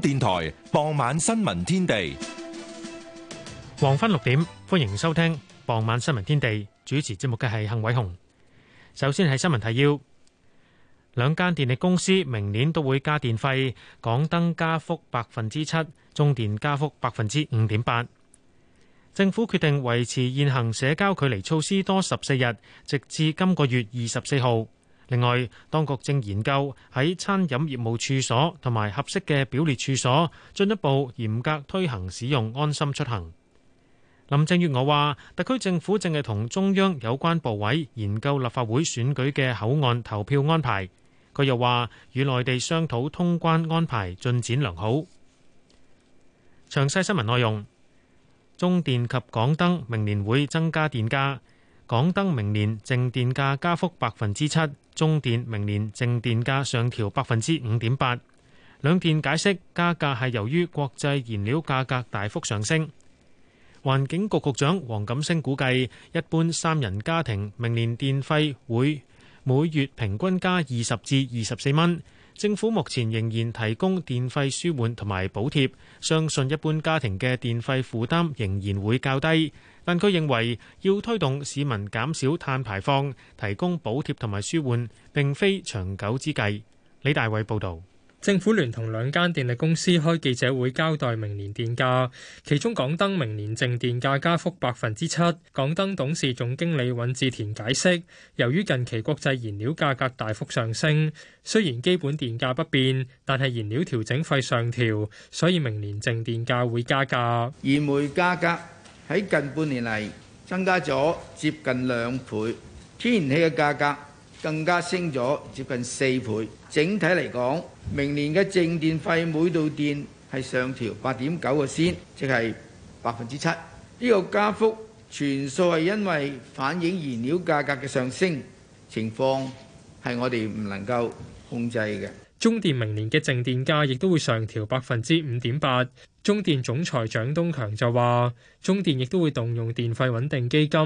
電台傍晚新聞天地，黃昏六點，歡迎收聽傍晚新聞天地。主持節目嘅係幸偉雄。首先係新聞提要：兩間電力公司明年都會加電費，港燈加幅百分之七，中電加幅百分之五點八。政府決定維持現行社交距離措施多十四日，直至今個月二十四號。另外，當局正研究喺餐飲業務處所同埋合適嘅表列處所，進一步嚴格推行使用安心出行。林鄭月娥話：特區政府正係同中央有關部委研究立法會選舉嘅口岸投票安排。佢又話：與內地商討通關安排進展良好。詳細新聞內容：中電及港燈明年會增加電價，港燈明年淨電價加幅百分之七。中電明年淨電價上調百分之五點八，兩電解釋加價係由於國際燃料價格大幅上升。環境局局長黃錦星估計，一般三人家庭明年電費會每月平均加二十至二十四蚊。政府目前仍然提供電費舒緩同埋補貼，相信一般家庭嘅電費負擔仍然會較低。但佢認為要推動市民減少碳排放，提供補貼同埋舒緩並非長久之計，李大偉報道。政府聯同兩間電力公司開記者會，交代明年電價。其中，港燈明年淨電價加幅百分之七。港燈董事總經理尹志田解釋，由於近期國際燃料價格大幅上升，雖然基本電價不變，但係燃料調整費上調，所以明年淨電價會加價。燃煤價格喺近半年嚟增加咗接近兩倍，天然氣嘅價格更加升咗接近四倍。整體嚟講，明年嘅淨電費每度電係上調八點九個仙，即係百分之七。呢個加幅全數係因為反映燃料價格嘅上升情況，係我哋唔能夠控制嘅。中電明年嘅淨電價亦都會上調百分之五點八。中電總裁蔣東強就話：中電亦都會動用電費穩定基金、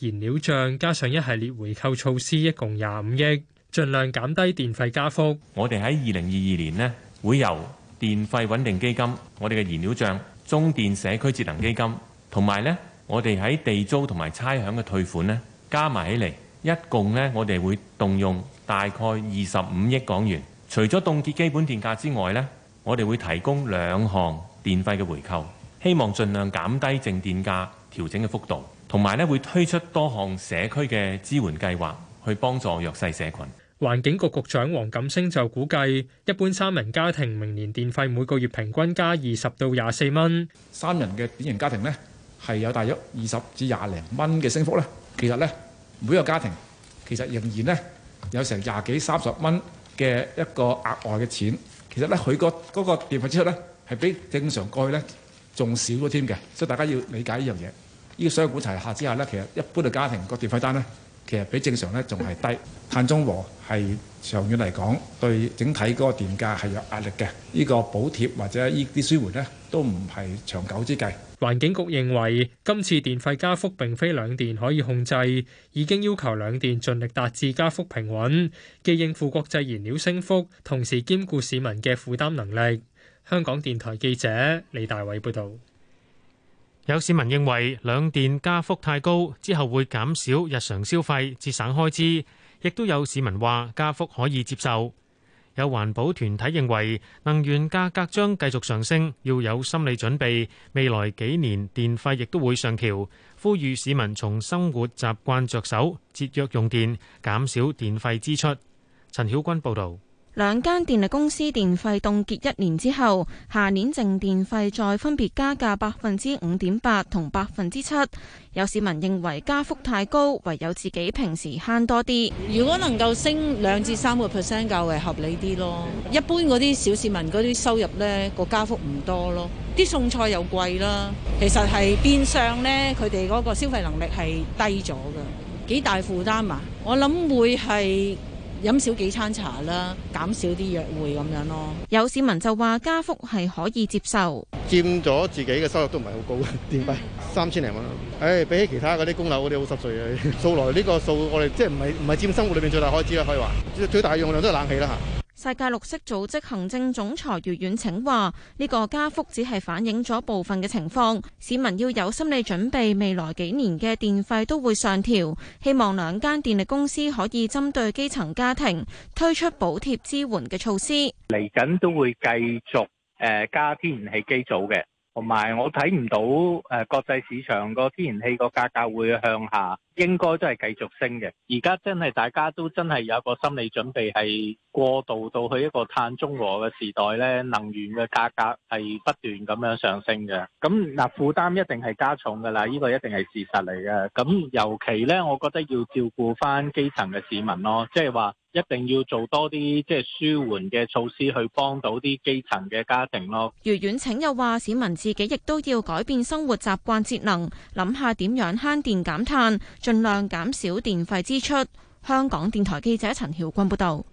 燃料帳加上一系列回購措施，一共廿五億。儘量減低電費加幅。我哋喺二零二二年呢，會由電費穩定基金、我哋嘅燃料帳、中電社區節能基金，同埋呢我哋喺地租同埋差餉嘅退款呢，加埋起嚟，一共呢我哋會動用大概二十五億港元。除咗凍結基本電價之外呢，我哋會提供兩項電費嘅回扣，希望儘量減低淨電價調整嘅幅度，同埋呢會推出多項社區嘅支援計劃。去幫助弱勢社群。環境局局長黃錦星就估計，一般三人家庭明年電費每個月平均加二十到廿四蚊。三人嘅典型家庭呢，係有大約二十至廿零蚊嘅升幅咧。其實呢，每個家庭其實仍然呢，有成廿幾三十蚊嘅一個額外嘅錢。其實呢，佢個嗰個電費支出呢，係比正常過去呢仲少咗添嘅。所以大家要理解呢樣嘢。呢、這個所有估齊下之下呢，其實一般嘅家庭個電費單呢。其實比正常咧仲係低，碳中和係長遠嚟講對整體嗰個電價係有壓力嘅。呢個補貼或者呢啲舒緩呢，都唔係長久之計。環境局認為今次電費加幅並非兩電可以控制，已經要求兩電盡力達至加幅平穩，既應付國際燃料升幅，同時兼顧市民嘅負擔能力。香港電台記者李大偉報道。有市民認為兩電加幅太高，之後會減少日常消費，節省開支。亦都有市民話加幅可以接受。有環保團體認為能源價格將繼續上升，要有心理準備。未來幾年電費亦都會上調，呼籲市民從生活習慣着手，節約用電，減少電費支出。陳曉君報導。兩間電力公司電費凍結一年之後，下年淨電費再分別加價百分之五點八同百分之七。有市民認為加幅太高，唯有自己平時慳多啲。如果能夠升兩至三個 percent 較為合理啲咯。一般嗰啲小市民嗰啲收入呢，個加幅唔多咯，啲餸菜又貴啦。其實係變相呢，佢哋嗰個消費能力係低咗㗎，幾大負擔呀？我諗會係。飲少幾餐茶啦，減少啲約會咁樣咯。有市民就話加幅係可以接受，佔咗自己嘅收入都唔係好高，點解？三千零蚊。誒，比起其他嗰啲供樓嗰啲好濕碎啊！數來呢個數，我哋即係唔係唔係佔生活裏邊最大開支啦，可以話最大用量都係冷氣啦嚇。世界綠色組織行政總裁余遠騁話：呢個加幅只係反映咗部分嘅情況，市民要有心理準備，未來幾年嘅電費都會上調。希望兩間電力公司可以針對基層家庭推出補貼支援嘅措施。嚟緊都會繼續加天然氣機組嘅。同埋，我睇唔到誒、呃、國際市場個天然氣個價格會向下，應該都係繼續升嘅。而家真係大家都真係有一個心理準備，係過渡到去一個碳中和嘅時代咧，能源嘅價格係不斷咁樣上升嘅。咁嗱，負擔一定係加重噶啦，呢、這個一定係事實嚟嘅。咁尤其咧，我覺得要照顧翻基層嘅市民咯，即係話。一定要做多啲即係舒緩嘅措施，去幫到啲基層嘅家庭咯。余遠請又話：市民自己亦都要改變生活習慣，節能，諗下點樣慳電減碳，盡量減少電費支出。香港電台記者陳曉君報道。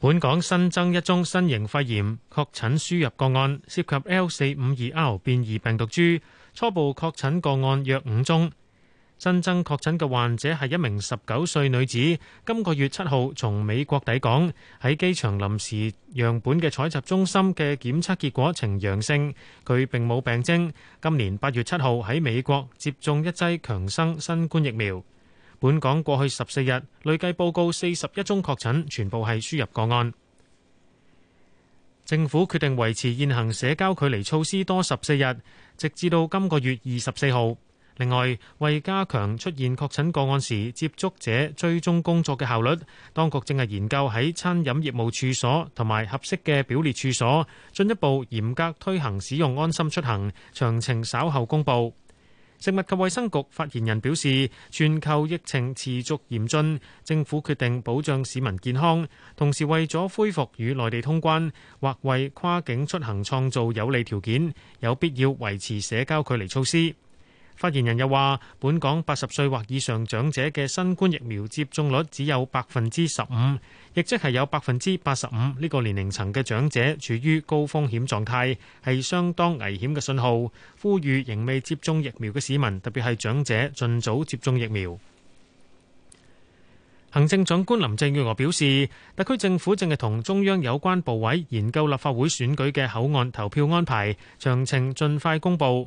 本港新增一宗新型肺炎確診輸入個案，涉及 L 四五二 R 變異病毒株，初步確診個案約五宗。新增確診嘅患者係一名十九歲女子，今個月七號從美國抵港，喺機場臨時樣本嘅採集中心嘅檢測結果呈陽性。佢並冇病徵，今年八月七號喺美國接種一劑強生新冠疫苗。本港過去十四日累計報告四十一宗確診，全部係輸入個案。政府決定維持現行社交距離措施多十四日，直至到今個月二十四號。另外，為加強出現確診個案時接觸者追蹤工作嘅效率，當局正係研究喺餐飲業務處所同埋合適嘅表列處所進一步嚴格推行使用安心出行。詳情稍後公佈。食物及衛生局發言人表示，全球疫情持續嚴峻，政府決定保障市民健康，同時為咗恢復與內地通關，或為跨境出行創造有利條件，有必要維持社交距離措施。發言人又話：本港八十歲或以上長者嘅新冠疫苗接種率只有百分之十五，亦即係有百分之八十五呢個年齡層嘅長者處於高風險狀態，係相當危險嘅信號。呼籲仍未接種疫苗嘅市民，特別係長者，盡早接種疫苗。行政長官林鄭月娥表示，特區政府正係同中央有關部委研究立法會選舉嘅口岸投票安排，詳情盡快公佈。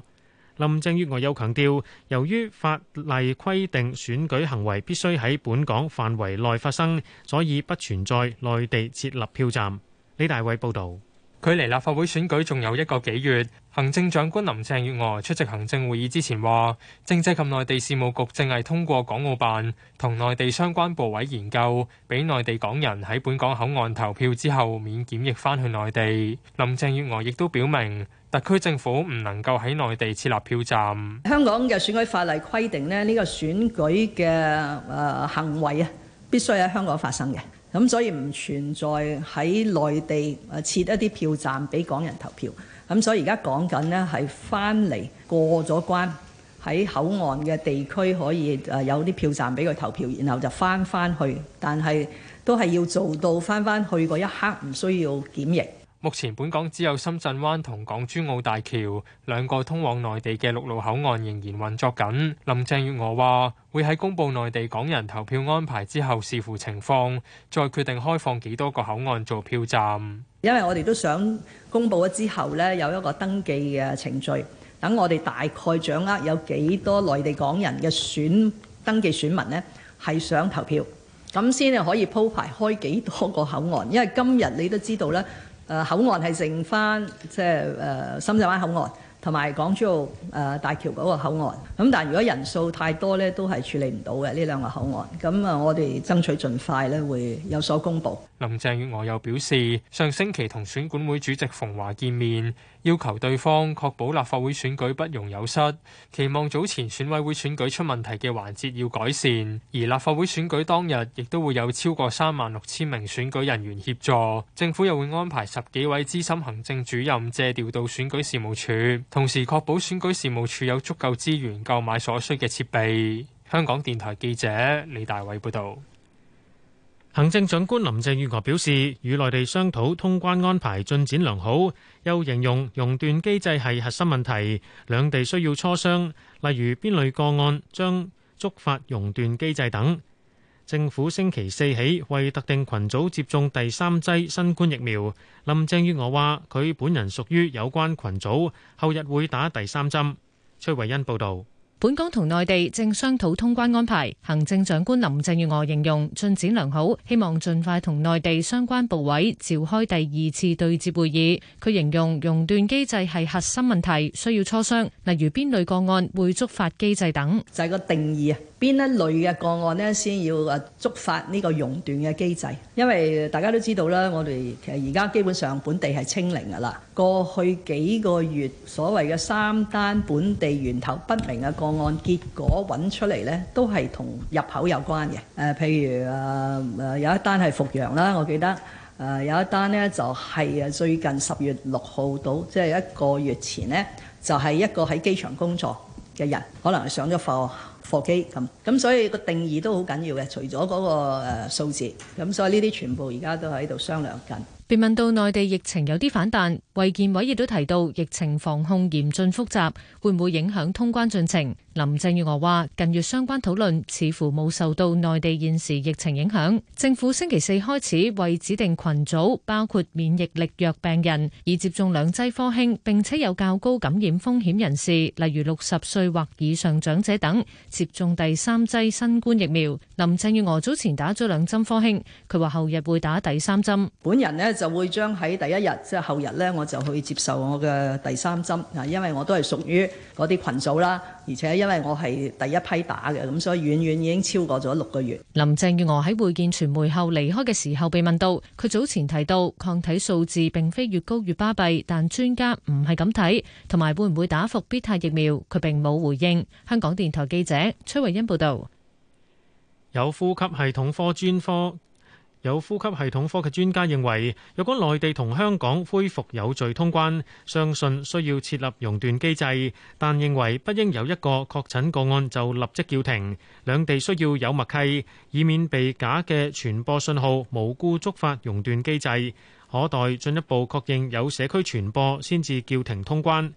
林鄭月娥又強調，由於法例規定選舉行為必須喺本港範圍內發生，所以不存在內地設立票站。李大衛報導。距離立法會選舉仲有一個幾月，行政長官林鄭月娥出席行政會議之前話，政制及內地事務局正係通過港澳辦同內地相關部委研究，俾內地港人喺本港口岸投票之後免檢疫返去內地。林鄭月娥亦都表明，特區政府唔能夠喺內地設立票站。香港嘅選舉法例規定咧，呢、呢個選舉嘅誒、呃、行為啊，必須喺香港發生嘅。咁、嗯、所以唔存在喺內地誒設一啲票站俾港人投票，咁、嗯、所以而家講緊呢，係翻嚟過咗關喺口岸嘅地區可以誒有啲票站俾佢投票，然後就翻翻去，但係都係要做到翻翻去嗰一刻唔需要檢疫。目前本港只有深圳灣同港珠澳大橋兩個通往內地嘅陸路口岸仍然運作緊。林鄭月娥話，會喺公布內地港人投票安排之後視乎情況，再決定開放幾多個口岸做票站。因為我哋都想公布咗之後咧，有一個登記嘅程序，等我哋大概掌握有幾多內地港人嘅選登記選民咧，係想投票，咁先至可以鋪排開幾多個口岸。因為今日你都知道咧。誒口岸係剩返即係誒深圳灣口岸同埋港珠澳誒大橋嗰個口岸，咁但係如果人數太多咧，都係處理唔到嘅呢兩個口岸。咁啊，我哋爭取盡快咧會有所公佈。林鄭月娥又表示，上星期同選管會主席馮華見面。要求對方確保立法會選舉不容有失，期望早前選委會選舉出問題嘅環節要改善。而立法會選舉當日，亦都會有超過三萬六千名選舉人員協助，政府又會安排十幾位資深行政主任借調到選舉事務處，同時確保選舉事務處有足夠資源購買所需嘅設備。香港電台記者李大偉報導。行政長官林鄭月娥表示，與內地商討通關安排進展良好，又形容熔斷機制係核心問題，兩地需要磋商，例如邊類個案將觸發熔斷機制等。政府星期四起為特定群組接種第三劑新冠疫苗。林鄭月娥話：佢本人屬於有關群組，後日會打第三針。崔慧恩報道。本港同內地正商討通關安排，行政長官林鄭月娥形容進展良好，希望盡快同內地相關部委召開第二次對接會議。佢形容熔斷機制係核心問題，需要磋商，例如邊類個案會觸發機制等。就係個定義啊，邊一類嘅個案呢，先要誒觸發呢個熔斷嘅機制，因為大家都知道啦，我哋其實而家基本上本地係清零㗎喇。過去幾個月所謂嘅三單本地源頭不明嘅個案，結果揾出嚟呢，都係同入口有關嘅。誒、呃，譬如誒、呃、有一單係復陽啦，我記得誒、呃、有一單呢，就係、是、最近十月六號到，即、就、係、是、一個月前呢，就係、是、一個喺機場工作嘅人，可能係上咗貨貨機咁。咁所以個定義都好緊要嘅，除咗嗰、那個誒、呃、數字，咁所以呢啲全部而家都喺度商量緊。被問到內地疫情有啲反彈，衞健委亦都提到疫情防控嚴峻複雜，會唔會影響通關進程？林鄭月娥話，近月相關討論似乎冇受到內地現時疫情影響。政府星期四開始為指定群組，包括免疫力弱病人、已接種兩劑科興並且有較高感染風險人士，例如六十歲或以上長者等，接種第三劑新冠疫苗。林鄭月娥早前打咗兩針科興，佢話後日會打第三針。本人呢就會將喺第一日，即係後日呢，我就去接受我嘅第三針啊，因為我都係屬於嗰啲群組啦。而且因為我係第一批打嘅，咁所以遠遠已經超過咗六個月。林鄭月娥喺會見傳媒後離開嘅時候被問到，佢早前提到抗體數字並非越高越巴閉，但專家唔係咁睇，同埋會唔會打復必泰疫苗，佢並冇回應。香港電台記者崔慧欣報道：「有呼吸系統科專科。有呼吸系統科嘅專家認為，若果內地同香港恢復有序通關，相信需要設立熔斷機制，但認為不應有一個確診個案就立即叫停。兩地需要有默契，以免被假嘅傳播信號無故觸發熔斷機制。可待進一步確認有社區傳播先至叫停通關。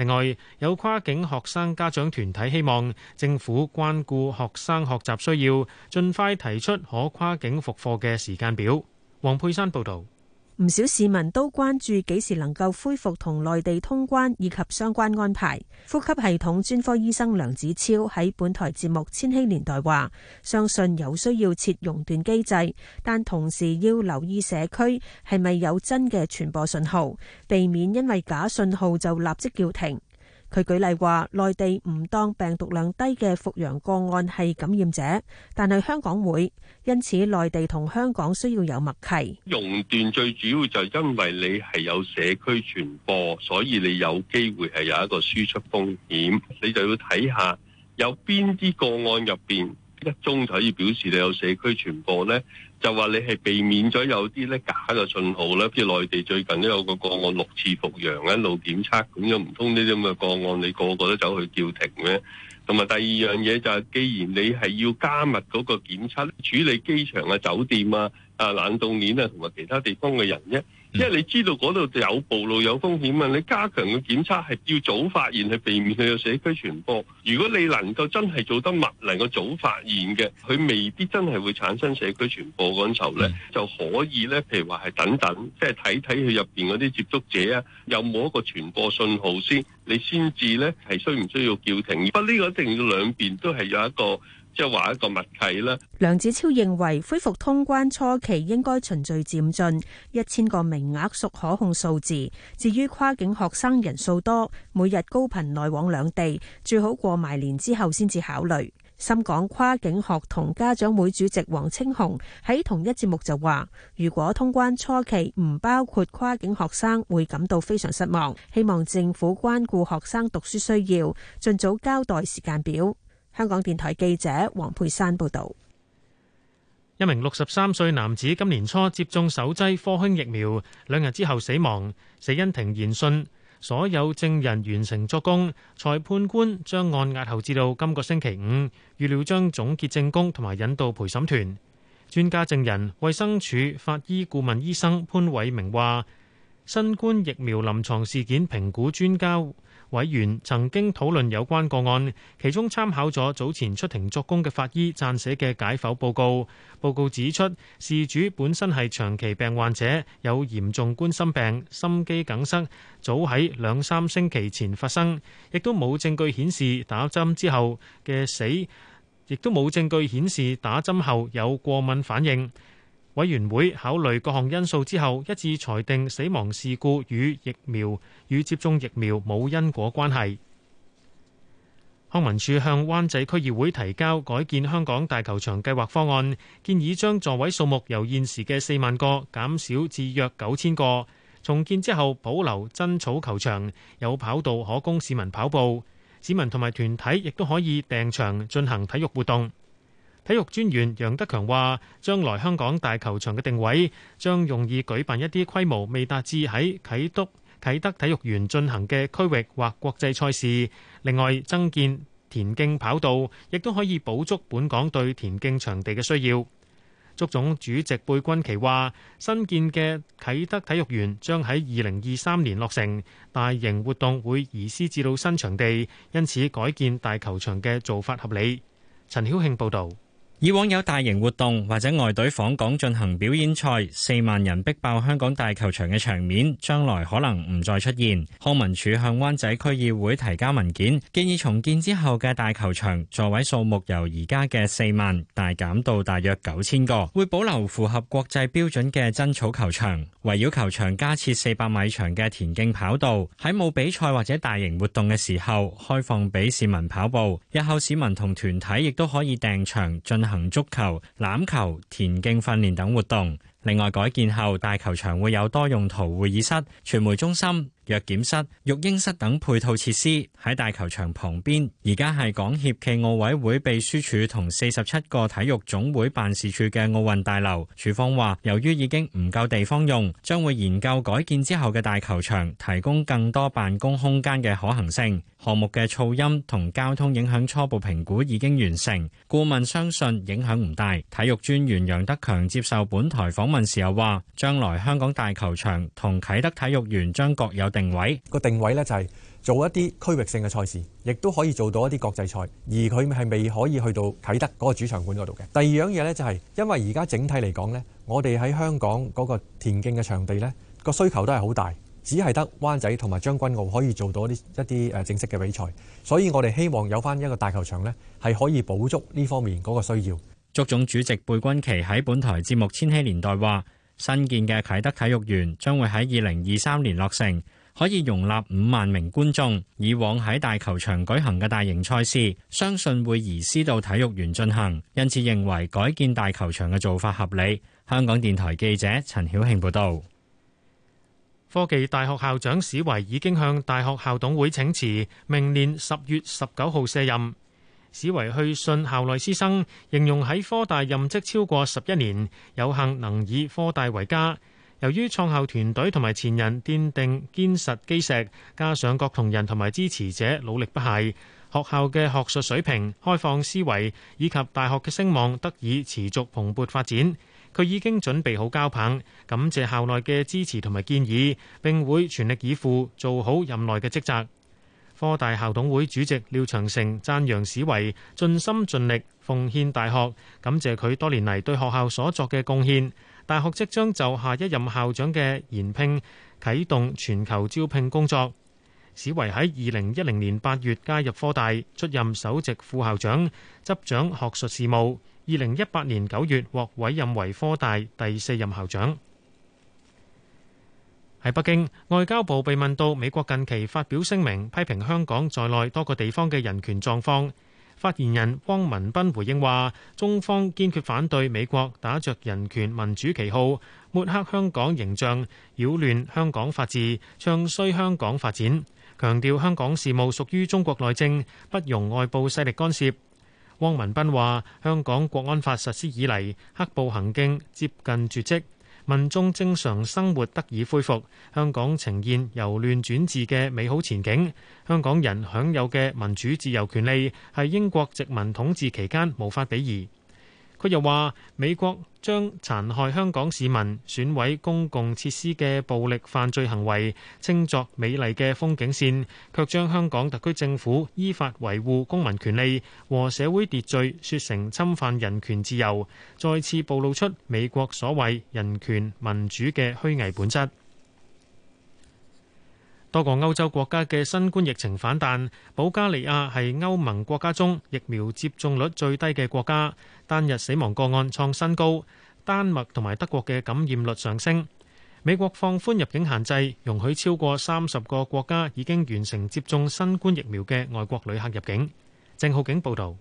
另外，有跨境學生家長團體希望政府關顧學生學習需要，盡快提出可跨境復課嘅時間表。黃佩珊報道。唔少市民都關注幾時能夠恢復同內地通關以及相關安排。呼吸系統專科醫生梁子超喺本台節目《千禧年代》話：相信有需要設熔斷機制，但同時要留意社區係咪有真嘅傳播信號，避免因為假信號就立即叫停。佢舉例話：內地唔當病毒量低嘅復陽個案係感染者，但係香港會，因此內地同香港需要有默契。熔斷最主要就因為你係有社區傳播，所以你有機會係有一個輸出風險。你就要睇下有邊啲個案入面一宗就可以表示你有社區傳播呢。就話你係避免咗有啲咧假嘅信號咧，譬如內地最近都有個個案六次復陽，一路檢測咁樣，唔通呢啲咁嘅個案你個個都走去叫停咩？同埋第二樣嘢就係，既然你係要加密嗰個檢測，處理機場啊、酒店啊、啊冷凍鏈啊同埋其他地方嘅人啫。因為你知道嗰度有暴露有風險啊！你加強嘅檢測係要早發現，去避免佢有社區傳播。如果你能夠真係做得密，能夠早發現嘅，佢未必真係會產生社區傳播嗰時候咧，就可以咧。譬如話係等等，即係睇睇佢入邊嗰啲接觸者啊，有冇一個傳播信號先，你先至咧係需唔需要叫停？不呢個一定要兩邊都係有一個。即係話一個物體啦。梁子超認為恢復通關初期應該循序漸進，一千個名額屬可控數字。至於跨境學生人數多，每日高頻來往兩地，最好過埋年之後先至考慮。深港跨境學童家長會主席黃清紅喺同一節目就話，如果通關初期唔包括跨境學生，會感到非常失望。希望政府關顧學生讀書需要，盡早交代時間表。香港電台記者黃佩珊報道：一名六十三歲男子今年初接種首劑科興疫苗，兩日之後死亡，死因庭研訊，所有證人完成作供，裁判官將案押後至到今個星期五，預料將總結證供同埋引導陪審團。專家證人衛生署法醫顧問醫生潘偉明話：新冠疫苗臨床事件評估專家。委員曾經討論有關個案，其中參考咗早前出庭作供嘅法醫撰寫嘅解剖報告。報告指出，事主本身係長期病患者，有嚴重冠心病、心肌梗塞，早喺兩三星期前發生，亦都冇證據顯示打針之後嘅死，亦都冇證據顯示打針後有過敏反應。委員會考慮各項因素之後，一致裁定死亡事故與疫苗與接種疫苗冇因果關係。康文署向灣仔區議會提交改建香港大球場計劃方案，建議將座位數目由現時嘅四萬個減少至約九千個。重建之後保留真草球場，有跑道可供市民跑步，市民同埋團體亦都可以訂場進行體育活動。體育專員楊德強話，將來香港大球場嘅定位將容易舉辦一啲規模未達至喺啟德啟德體育園進行嘅區域或國際賽事。另外，增建田徑跑道，亦都可以補足本港對田徑場地嘅需要。足總主席貝君奇話，新建嘅啟德體育園將喺二零二三年落成，大型活動會移師至到新場地，因此改建大球場嘅做法合理。陳曉慶報導。以往有大型活動或者外隊訪港進行表演賽，四萬人逼爆香港大球場嘅場面，將來可能唔再出現。康文署向灣仔區議會提交文件，建議重建之後嘅大球場座位數目由而家嘅四萬大減到大約九千個，會保留符合國際標準嘅真草球場，圍繞球場加設四百米長嘅田徑跑道，喺冇比賽或者大型活動嘅時候開放俾市民跑步。日後市民同團體亦都可以訂場進行。行足球、籃球、田徑訓練等活動。另外，改建後大球場會有多用途會議室、傳媒中心。藥檢室、育嬰室等配套設施喺大球場旁邊。而家係港協暨奧委會秘書處同四十七個體育總會辦事處嘅奧運大樓。處方話，由於已經唔夠地方用，將會研究改建之後嘅大球場提供更多辦公空間嘅可行性。項目嘅噪音同交通影響初步評估已經完成，顧問相信影響唔大。體育專員楊德強接受本台訪問時又話，將來香港大球場同啟德體育園將各有地。定位個定位咧就係做一啲區域性嘅賽事，亦都可以做到一啲國際賽，而佢係未可以去到啟德嗰個主場館嗰度嘅。第二樣嘢咧就係，因為而家整體嚟講呢，我哋喺香港嗰個田徑嘅場地呢，個需求都係好大，只係得灣仔同埋將軍澳可以做到一啲一啲誒正式嘅比賽，所以我哋希望有返一個大球場呢，係可以補足呢方面嗰個需要。足總主席貝君奇喺本台節目《千禧年代》話：新建嘅啟德體育園將會喺二零二三年落成。可以容納五萬名觀眾，以往喺大球場舉行嘅大型賽事，相信會移師到體育園進行。因此認為改建大球場嘅做法合理。香港電台記者陳曉慶報道。科技大學校長史維已經向大學校董會請辭，明年十月十九號卸任。史維去信校內師生，形容喺科大任職超過十一年，有幸能以科大為家。由於創校團隊同埋前人奠定堅實基石，加上各同人同埋支持者努力不懈，學校嘅學術水平、開放思維以及大學嘅聲望得以持續蓬勃發展。佢已經準備好交棒，感謝校內嘅支持同埋建議，並會全力以赴做好任內嘅職責。科大校董會主席廖長城讚揚史維盡心盡力奉獻大學，感謝佢多年嚟對學校所作嘅貢獻。大學即將就下一任校長嘅延聘啟動全球招聘工作。史維喺二零一零年八月加入科大，出任首席副校長，執掌學術事務。二零一八年九月獲委任為科大第四任校長。喺北京，外交部被問到美國近期發表聲明，批評香港在內多個地方嘅人權狀況。發言人汪文斌回應話：中方堅決反對美國打着人權民主旗號抹黑香港形象、擾亂香港法治、唱衰香港發展，強調香港事務屬於中國內政，不容外部勢力干涉。汪文斌話：香港國安法實施以嚟，黑暴行徑接近絕跡。民眾正常生活得以恢復，香港呈現由亂轉治嘅美好前景。香港人享有嘅民主自由權利，係英國殖民統治期間無法比擬。佢又話：美國將殘害香港市民、損毀公共設施嘅暴力犯罪行為，稱作美麗嘅風景線，卻將香港特區政府依法維護公民權利和社會秩序，説成侵犯人權自由，再次暴露出美國所謂人權民主嘅虛偽本質。多個歐洲國家嘅新冠疫情反彈，保加利亞係歐盟國家中疫苗接種率最低嘅國家，單日死亡個案創新高。丹麥同埋德國嘅感染率上升。美國放寬入境限制，容許超過三十個國家已經完成接種新冠疫苗嘅外國旅客入境。鄭浩景報道。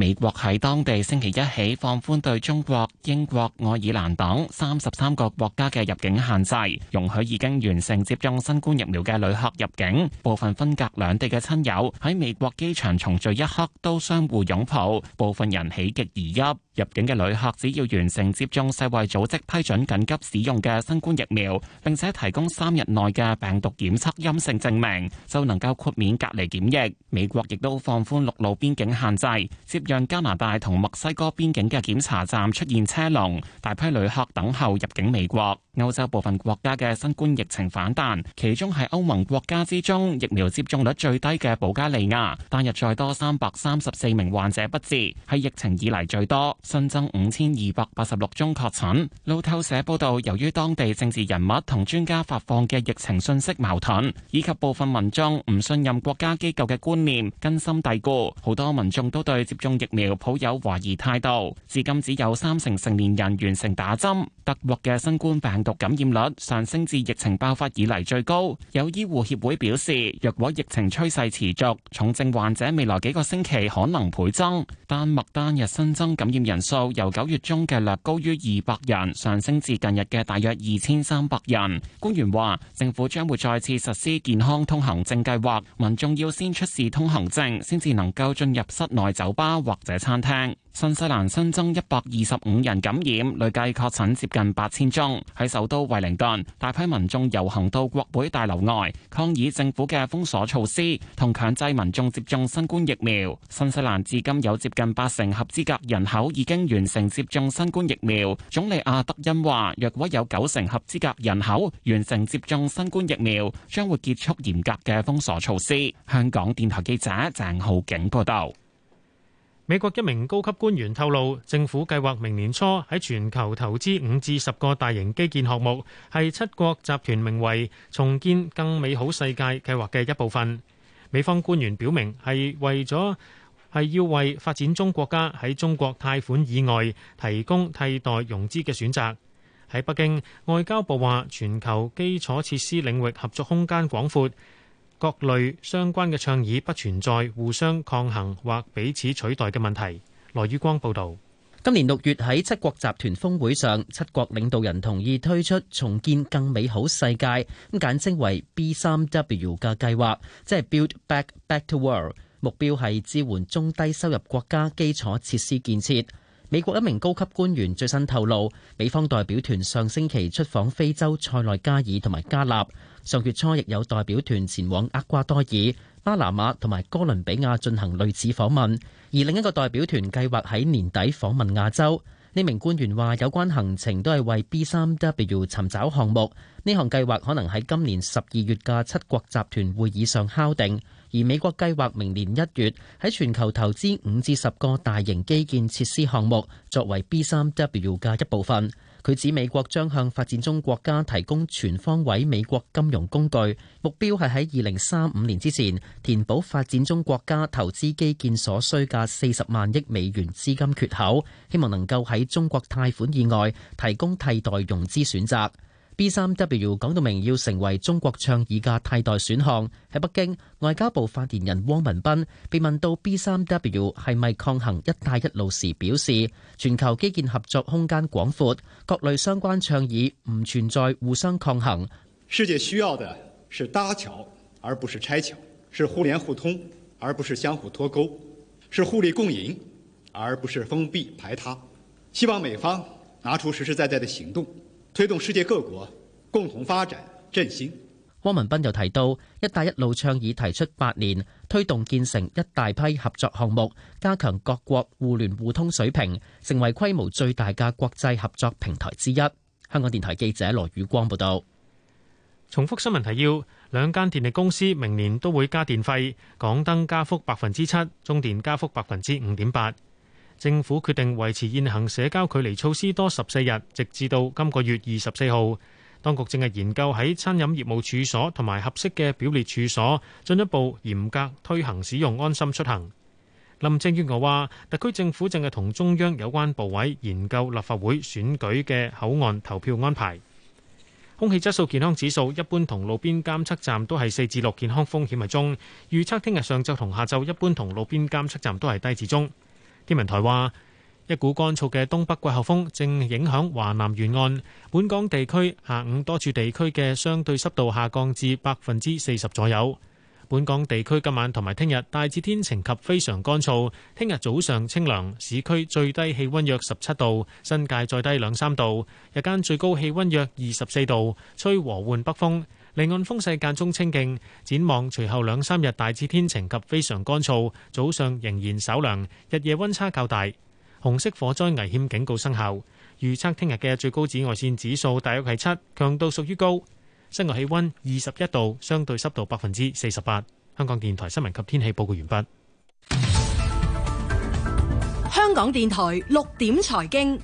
美國喺當地星期一起放寬對中國、英國、愛爾蘭等三十三個國家嘅入境限制，容許已經完成接種新冠疫苗嘅旅客入境。部分分隔兩地嘅親友喺美國機場重聚一刻都相互擁抱，部分人喜極而泣。入境嘅旅客只要完成接種世衛組織批准緊急使用嘅新冠疫苗，並且提供三日內嘅病毒檢測陰性證明，就能夠豁免隔離檢疫。美國亦都放寬陸路邊境限制，接讓加拿大同墨西哥邊境嘅檢查站出現車龍，大批旅客等候入境美國。歐洲部分國家嘅新冠疫情反彈，其中喺歐盟國家之中，疫苗接種率最低嘅保加利亞，單日再多三百三十四名患者不治，喺疫情以來最多，新增五千二百八十六宗確診。路透社報道，由於當地政治人物同專家發放嘅疫情信息矛盾，以及部分民眾唔信任國家機構嘅觀念根深蒂固，好多民眾都對接種。疫苗抱有懷疑態度，至今只有三成成年人完成打針，德國嘅新冠病毒感染率上升至疫情爆發以嚟最高。有醫護協會表示，若果疫情趨勢持續，重症患者未來幾個星期可能倍增。丹麥單日新增感染人數由九月中嘅略高於二百人，上升至近日嘅大約二千三百人。官員話，政府將會再次實施健康通行證計劃，民眾要先出示通行證先至能夠進入室內酒吧。或者餐廳。新西蘭新增一百二十五人感染，累計確診接近八千宗。喺首都惠靈頓，大批民眾遊行到國會大樓外，抗議政府嘅封鎖措施同強制民眾接種新冠疫苗。新西蘭至今有接近八成合資格人口已經完成接種新冠疫苗。總理阿德恩話，若果有九成合資格人口完成接種新冠疫苗，將會結束嚴格嘅封鎖措施。香港電台記者鄭浩景報道。美國一名高級官員透露，政府計劃明年初喺全球投資五至十個大型基建項目，係七國集團名為「重建更美好世界」計劃嘅一部分。美方官員表明係為咗係要為發展中國家喺中國貸款以外提供替代融資嘅選擇。喺北京，外交部話全球基礎設施領域合作空間廣闊。各類相關嘅倡議不存在互相抗衡或彼此取代嘅問題。羅宇光報道，今年六月喺七國集團峰會上，七國領導人同意推出重建更美好世界，咁簡稱為 B3W 嘅計劃，即係 Build Back Back to World，目標係支援中低收入國家基礎設施建設。美國一名高級官員最新透露，美方代表團上星期出訪非洲塞內加爾同埋加納，上月初亦有代表團前往厄瓜多爾、巴拿馬同埋哥倫比亞進行類似訪問，而另一個代表團計劃喺年底訪問亞洲。呢名官員話：有關行程都係為 B3W 尋找項目，呢項計劃可能喺今年十二月嘅七國集團會議上敲定。而美國計劃明年一月喺全球投資五至十個大型基建設施項目，作為 B3W 嘅一部分。佢指美國將向發展中國家提供全方位美國金融工具，目標係喺二零三五年之前填補發展中國家投資基建所需嘅四十萬億美元資金缺口，希望能夠喺中國貸款以外提供替代融資選擇。B 三 W 講到明要成為中國倡議嘅替代選項，喺北京外交部發言人汪文斌被問到 B 三 W 係咪抗衡一帶一路時，表示全球基建合作空間廣闊，各類相關倡議唔存在互相抗衡。世界需要的是搭橋，而不是拆橋；是互聯互通，而不是相互脫鉤；是互利共贏，而不是封閉排他。希望美方拿出實實在在，在的行動。推動世界各國共同發展振興。汪文斌又提到，一帶一路倡議提出八年，推動建成一大批合作項目，加強各國互聯互通水平，成為規模最大嘅國際合作平台之一。香港電台記者羅宇光報道。重複新聞提要：兩間電力公司明年都會加電費，港燈加幅百分之七，中電加幅百分之五點八。政府決定維持現行社交距離措施多十四日，直至到今個月二十四號。當局正係研究喺餐飲業務處所同埋合適嘅表列處所進一步嚴格推行使用安心出行。林鄭月娥話：特區政府正係同中央有關部委研究立法會選舉嘅口岸投票安排。空氣質素健康指數一般同路邊監測站都係四至六，健康風險為中。預測聽日上晝同下晝一般同路邊監測站都係低至中。天文台話，一股乾燥嘅東北季候風正影響華南沿岸，本港地區下午多處地區嘅相對濕度下降至百分之四十左右。本港地區今晚同埋聽日大致天晴及非常乾燥，聽日早上清涼，市區最低氣溫約十七度，新界再低兩三度，日間最高氣溫約二十四度，吹和緩北風。離岸風勢間中清勁，展望隨後兩三日大致天晴及非常乾燥，早上仍然稍涼，日夜溫差較大。紅色火災危險警告生效，預測聽日嘅最高紫外線指數大約係七，強度屬於高。室外氣溫二十一度，相對濕度百分之四十八。香港電台新聞及天氣報告完畢。香港電台六點財經。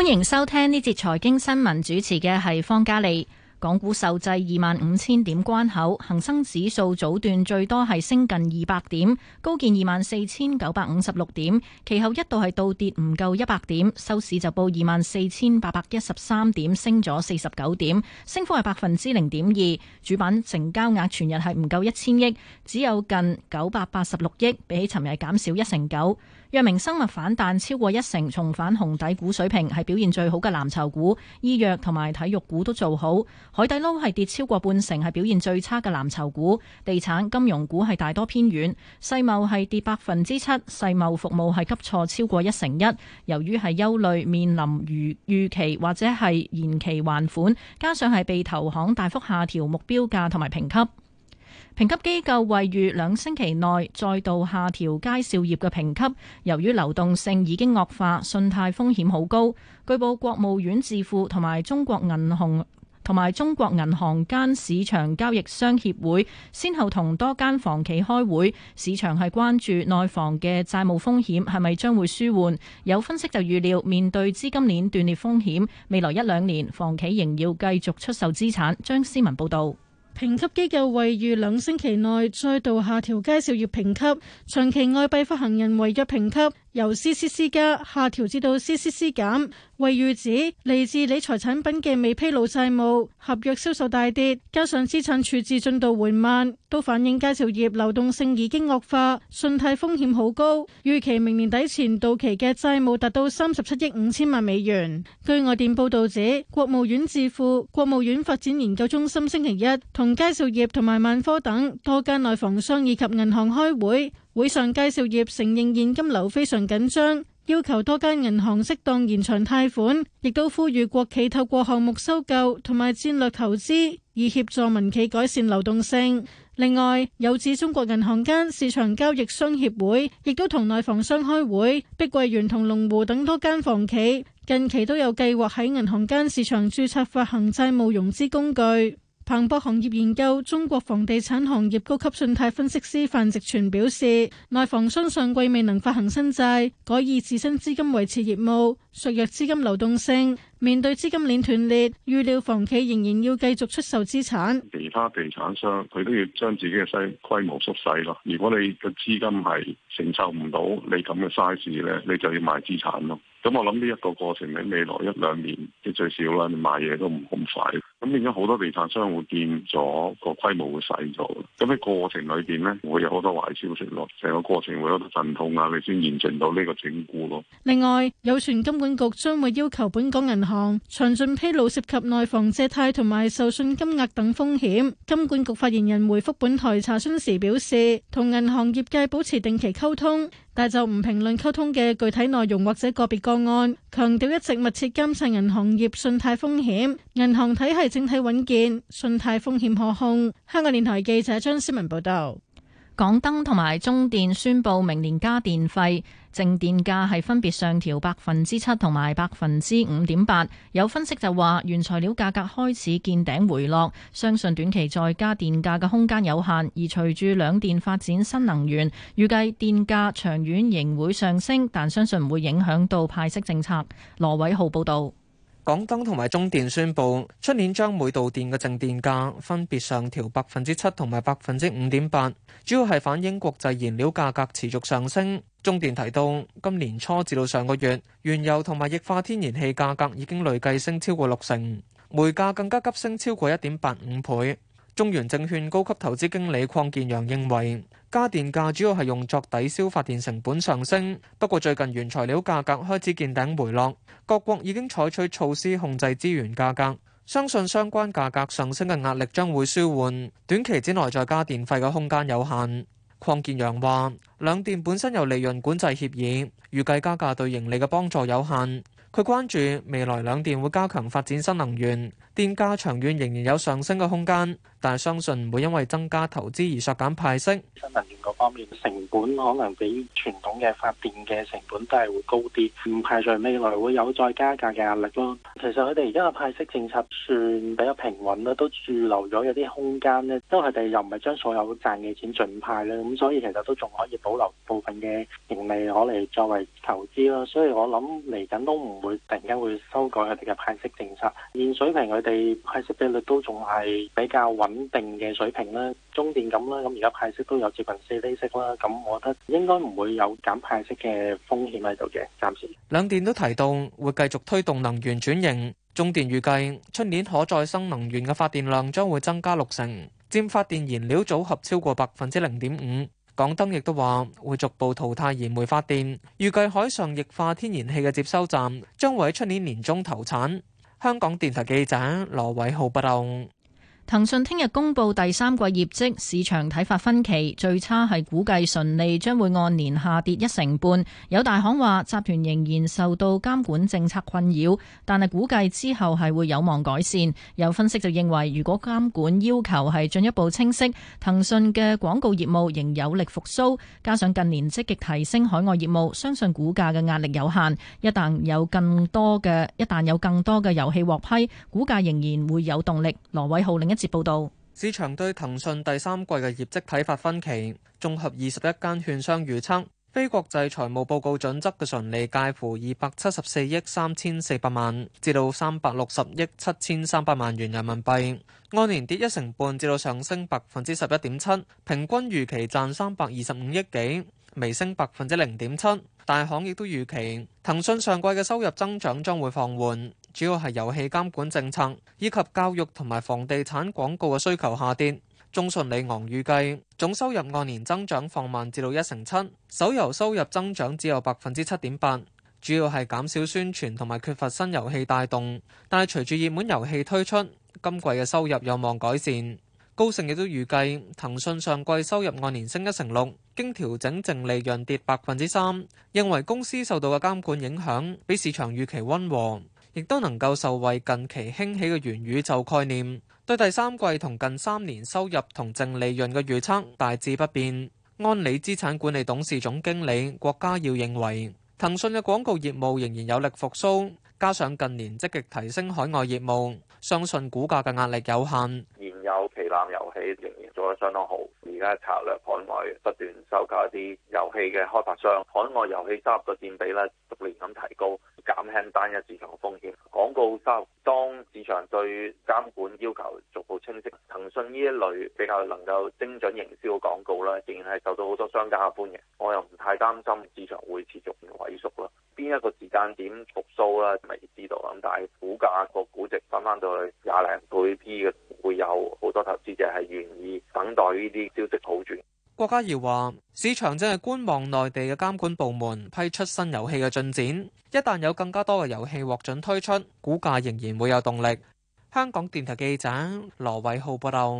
歡迎收聽呢節財經新聞，主持嘅係方嘉利。港股受制二萬五千點關口，恒生指數早段最多係升近二百點，高見二萬四千九百五十六點，其後一度係倒跌唔夠一百點，收市就報二萬四千八百一十三點，升咗四十九點，升幅係百分之零點二。主板成交額全日係唔夠一千億，只有近九百八十六億，比起尋日減少一成九。藥明生物反彈超過一成，重返紅底股水平，係表現最好嘅藍籌股。醫藥同埋體育股都做好，海底撈係跌超過半成，係表現最差嘅藍籌股。地產、金融股係大多偏軟。世茂係跌百分之七，世茂服務係急挫超過一成一。由於係憂慮面臨逾期或者係延期還款，加上係被投行大幅下調目標價同埋評級。評級機構位於兩星期內再度下調佳兆業嘅評級，由於流動性已經惡化，信貸風險好高。據報國務院智庫同埋中國銀行同埋中國銀行間市場交易商協會先後同多間房企開會，市場係關注內房嘅債務風險係咪將會舒緩。有分析就預料，面對資金鏈斷裂風險，未來一兩年房企仍要繼續出售資產。張思文報道。評級機構惠譽兩星期內再度下調佳兆業評級，長期外幣發行人違約評級，由 C C C 加下調至到 C C C 減，為預指嚟自理財產品嘅未披露債務合約銷售大跌，加上資產處置進度緩慢，都反映佳兆業流動性已經惡化，信貸風險好高。預期明年底前到期嘅債務達到三十七億五千萬美元。據外電報道指，國務院智庫國務院發展研究中心星期一同佳兆業同埋萬科等多間內房商以及銀行開會。會上介紹業承認現金流非常緊張，要求多間銀行適當延長貸款，亦都呼籲國企透過項目收購同埋戰略投資，以協助民企改善流動性。另外，有指中國銀行間市場交易商協會亦都同內房商開會，碧桂園同龍湖等多間房企近期都有計劃喺銀行間市場注冊發行債務融資工具。彭博行業研究中國房地產行業高級信貸分析師范植全表示：內房商上季未能發行新債，改以自身資金維持業務，削弱資金流動性。面對資金鏈斷裂，預料房企仍然要繼續出售資產。其他地產商佢都要將自己嘅西規模縮細咯。如果你嘅資金係承受唔到你咁嘅 size 咧，你就要賣資產咯。咁我諗呢一個過程喺未來一兩年，即最少啦，你賣嘢都唔咁快。咁變咗好多地產商戶變咗個規模會細咗。咁喺過程裏邊呢，會有好多壞消息咯。成個過程會有好多陣痛啊，你先完成到呢個整固咯。另外，有傳金管局將會要求本港銀行詳盡披露涉及內房借貸同埋授信金額等風險。金管局發言人回覆本台查詢時表示，同銀行業界保持定期溝通。但就唔評論溝通嘅具體內容或者個別個案，強調一直密切監察銀行業信貸風險，銀行體系整體穩健，信貸風險可控。香港電台記者張思文報道。港燈同埋中電宣佈明年加電費。正電價係分別上調百分之七同埋百分之五點八，有分析就話原材料價格開始見頂回落，相信短期再加電價嘅空間有限，而隨住兩電發展新能源，預計電價長遠仍會上升，但相信唔會影響到派息政策。羅偉浩報道。港燈同埋中電宣佈，出年將每度電嘅淨電價分別上調百分之七同埋百分之五點八，主要係反映國際燃料價格持續上升。中電提到，今年初至到上個月，原油同埋液化天然氣價格已經累計升超過六成，煤價更加急升超過一點八五倍。中原證券高級投資經理鄺建陽認為，加電價主要係用作抵消發電成本上升。不過最近原材料價格開始見頂回落，各國已經採取措施控制資源價格，相信相關價格上升嘅壓力將會舒緩。短期之內再加電費嘅空間有限。鄺建陽話，兩電本身有利潤管制協議，預計加價對盈利嘅幫助有限。佢關注未來兩電會加強發展新能源。電價長遠仍然有上升嘅空間，但係相信唔會因為增加投資而削減派息。新能源嗰方面成本可能比傳統嘅發電嘅成本都係會高啲，唔排除未來會有再加價嘅壓力咯。其實佢哋而家嘅派息政策算比較平穩啦，都預留咗一啲空間咧，因為佢哋又唔係將所有賺嘅錢盡派咧，咁所以其實都仲可以保留部分嘅盈利攞嚟作為投資咯。所以我諗嚟緊都唔會突然間會修改佢哋嘅派息政策現水平佢。派息比率都仲係比較穩定嘅水平啦，中電咁啦，咁而家派息都有接近四厘息啦，咁我覺得應該唔會有減派息嘅風險喺度嘅。暫時兩電都提到會繼續推動能源轉型，中電預計出年可再生能源嘅發電量將會增加六成，佔發電燃料組合超過百分之零點五。港燈亦都話會逐步淘汰燃煤發電，預計海上液化天然氣嘅接收站將會喺出年年中投產。香港電台記者羅偉浩報道。騰訊聽日公布第三季業績，市場睇法分歧，最差係估計純利將會按年下跌一成半。有大行話集團仍然受到監管政策困擾，但係估計之後係會有望改善。有分析就認為，如果監管要求係進一步清晰，騰訊嘅廣告業務仍有力復甦，加上近年積極提升海外業務，相信股價嘅壓力有限。一旦有更多嘅一旦有更多嘅遊戲獲批，股價仍然會有動力。羅偉浩另一。接報道，市場對騰訊第三季嘅業績睇法分歧。綜合二十一間券商預測，非國際財務報告準則嘅純利介乎二百七十四億三千四百萬至到三百六十億七千三百萬元人民幣，按年跌一成半至到上升百分之十一點七。平均預期賺三百二十五億幾，微升百分之零點七。大行亦都預期騰訊上季嘅收入增長將會放緩。主要係遊戲監管政策，以及教育同埋房地產廣告嘅需求下跌。中信里昂預計總收入按年增長放慢至到一成七，手遊收入增長只有百分之七點八，主要係減少宣傳同埋缺乏新遊戲帶動。但係隨住熱門遊戲推出，今季嘅收入有望改善。高盛亦都預計騰訊上季收入按年升一成六，經調整淨利潤跌百分之三，認為公司受到嘅監管影響比市場預期温和。亦都能夠受惠近期興起嘅元宇宙概念，對第三季同近三年收入同淨利潤嘅預測大致不變。安理資產管理董事總經理郭家耀認為，騰訊嘅廣告業務仍然有力復蘇，加上近年積極提升海外業務，相信股價嘅壓力有限。現有旗艦遊戲仍然做得相當好，而家策略海外不斷收購一啲遊戲嘅開發商，海外遊戲收入嘅佔比咧逐年咁提高。減輕單一市場風險，廣告收入當市場對監管要求逐步清晰，騰訊呢一類比較能夠精準營銷嘅廣告咧，仍然係受到好多商家嘅歡迎。我又唔太擔心市場會持續萎縮咯，邊一個時間點復甦咧？未知道。咁但係股價個估值翻翻到去廿零倍 P 嘅，會有好多投資者係願意等待呢啲消息好轉。郭家耀話：市場正係觀望內地嘅監管部門批出新遊戲嘅進展，一旦有更加多嘅遊戲獲准推出，股價仍然會有動力。香港電台記者羅偉浩報道，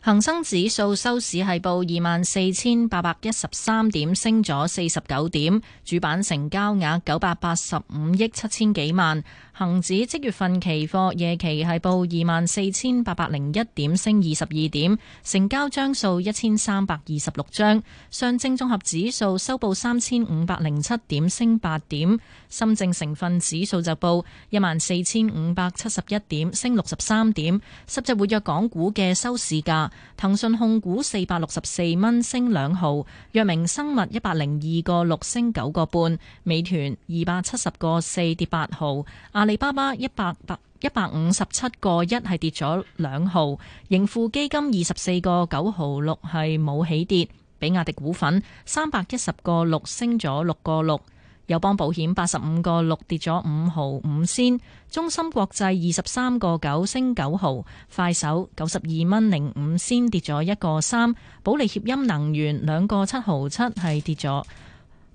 恒生指數收市係報二萬四千八百一十三點，升咗四十九點，主板成交額九百八十五億七千幾萬。恒指即月份期貨夜期係報二萬四千八百零一點，升二十二點，成交張數一千三百二十六張。上證綜合指數收報三千五百零七點，升八點。深證成分指數就報一萬四千五百七十一點，升六十三點。十隻活躍港股嘅收市價，騰訊控股四百六十四蚊，升兩毫；藥明生物一百零二個六，升九個半；美團二百七十個四，跌八毫；阿里巴巴一百百一百五十七個一係跌咗兩毫，盈富基金二十四個九毫六係冇起跌。比亞迪股份三百一十個六升咗六個六，友邦保險八十五個六跌咗五毫五仙，中芯國際二十三個九升九毫，快手九十二蚊零五仙跌咗一個三，保利協鑫能源兩個七毫七係跌咗，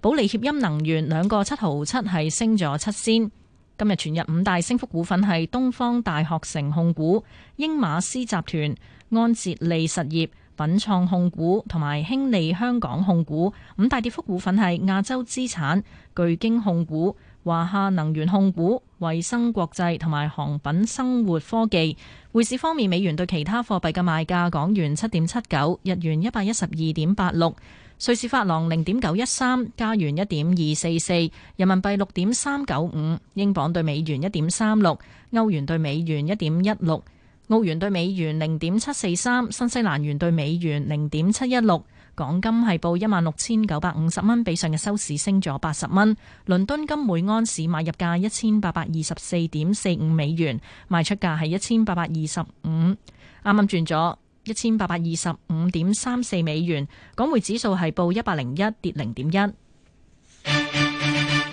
保利協鑫能源兩個七毫七係升咗七仙。今日全日五大升幅股份係東方大學城控股、英馬斯集團、安捷利實業、品創控股同埋興利香港控股；五大跌幅股份係亞洲資產、巨京控股、華夏能源控股、衛生國際同埋航品生活科技。匯市方面，美元對其他貨幣嘅賣價：港元七點七九，日元一百一十二點八六。瑞士法郎零點九一三，加元一點二四四，人民幣六點三九五，英鎊兌美元一點三六，歐元兌美元一點一六，澳元兌美元零點七四三，新西蘭元兌美元零點七一六。港金係報一萬六千九百五十蚊，比上日收市升咗八十蚊。倫敦金每安士買入價一千八百二十四點四五美元，賣出價係一千八百二十五，啱啱轉咗。一千八百二十五點三四美元，港匯指數係報一百零一，跌零點一。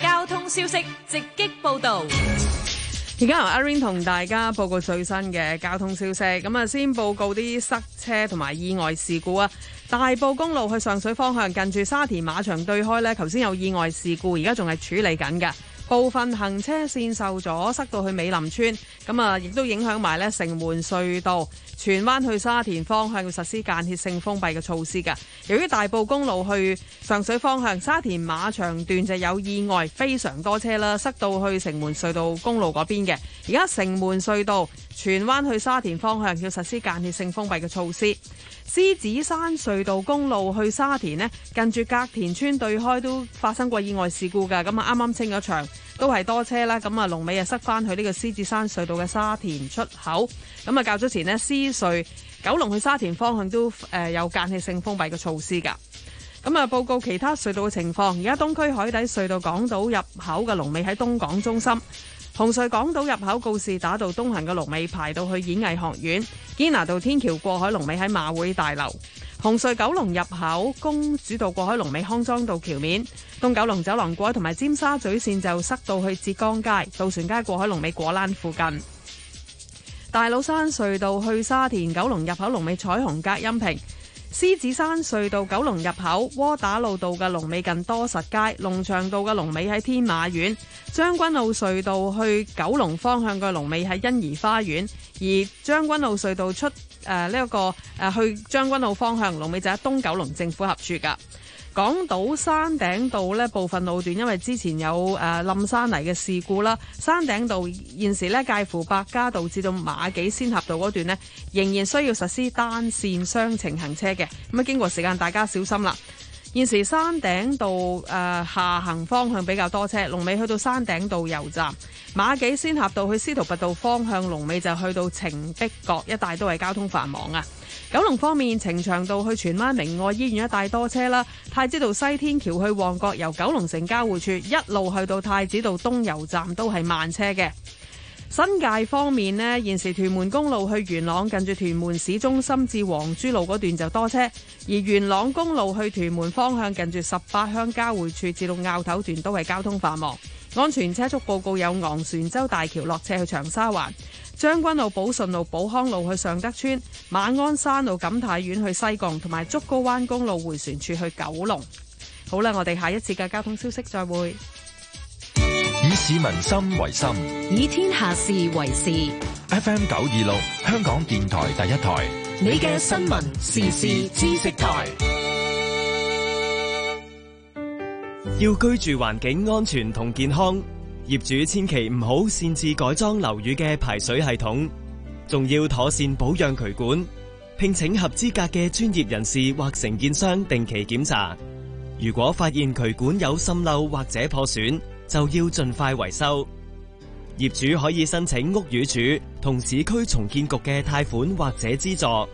交通消息直擊報道，而家由阿 r i n 同大家報告最新嘅交通消息。咁啊，先報告啲塞車同埋意外事故啊！大埔公路去上水方向，近住沙田馬場對開呢頭先有意外事故，而家仲係處理緊嘅，部分行車線受阻，塞到去美林村，咁啊，亦都影響埋呢城門隧道。荃灣去沙田方向要實施間歇性封閉嘅措施㗎，由於大埔公路去上水方向沙田馬場段就有意外，非常多車啦，塞到去城門隧道公路嗰邊嘅。而家城門隧道荃灣去沙田方向要實施間歇性封閉嘅措施，獅子山隧道公路去沙田呢，近住隔田村對開都發生過意外事故㗎，咁啊啱啱清咗場。都係多車啦，咁啊龍尾啊塞翻去呢個獅子山隧道嘅沙田出口。咁啊，較早前呢，獅隧九龍去沙田方向都誒有間歇性封閉嘅措施噶。咁、嗯、啊，報告其他隧道嘅情況。而家東區海底隧道港島入口嘅龍尾喺東港中心，紅隧港島入口告士打道東行嘅龍尾排到去演藝學院，堅拿道天橋過海龍尾喺馬會大樓。紅隧九龍入口公主道過海龍尾康莊道橋面，東九龍走廊過海同埋尖沙咀線就塞到去浙江街、渡船街過海龍尾果欄附近。大老山隧道去沙田九龍入口龍尾彩虹隔音屏，獅子山隧道九龍入口窩打老道嘅龍尾近多實街，龍翔道嘅龍尾喺天馬苑，將軍澳隧道去九龍方向嘅龍尾喺欣怡花園，而將軍澳隧道出。誒，呢一、呃這個誒、呃、去將軍澳方向，龍尾就喺東九龍政府合署噶。港島山頂道呢部分路段，因為之前有誒冧、呃、山泥嘅事故啦，山頂道現時咧介乎白加道至到馬己仙峽道嗰段呢，仍然需要實施單線雙程行車嘅。咁啊，經過時間，大家小心啦。現時山頂道誒、呃、下行方向比較多車，龍尾去到山頂道油站；馬己仙峽道去司徒拔道方向龍尾就去到程碧角一帶都係交通繁忙啊！九龍方面，呈祥道去荃灣明愛醫院一帶多車啦；太子道西天橋去旺角由九龍城交匯處一路去到太子道東油站都係慢車嘅。新界方面呢現時屯門公路去元朗，近住屯門市中心至黃珠路嗰段就多車；而元朗公路去屯門方向，近住十八鄉交匯處至到坳頭段都係交通繁忙。安全車速報告有昂船洲大橋落車去長沙灣、將軍澳寶順路、寶康路去尚德邨、馬鞍山路錦泰苑去西貢，同埋竹篙灣公路回旋處去九龍。好啦，我哋下一次嘅交通消息再會。以市民心為心，以天下事為事。FM 九二六，香港電台第一台，你嘅新聞時事知識台。要居住環境安全同健康，業主千祈唔好擅自改裝樓宇嘅排水系統，仲要妥善保養渠管，聘請合資格嘅專業人士或承建商定期檢查。如果發現渠管有滲漏或者破損，就要盡快維修，業主可以申請屋宇署同市區重建局嘅貸款或者資助。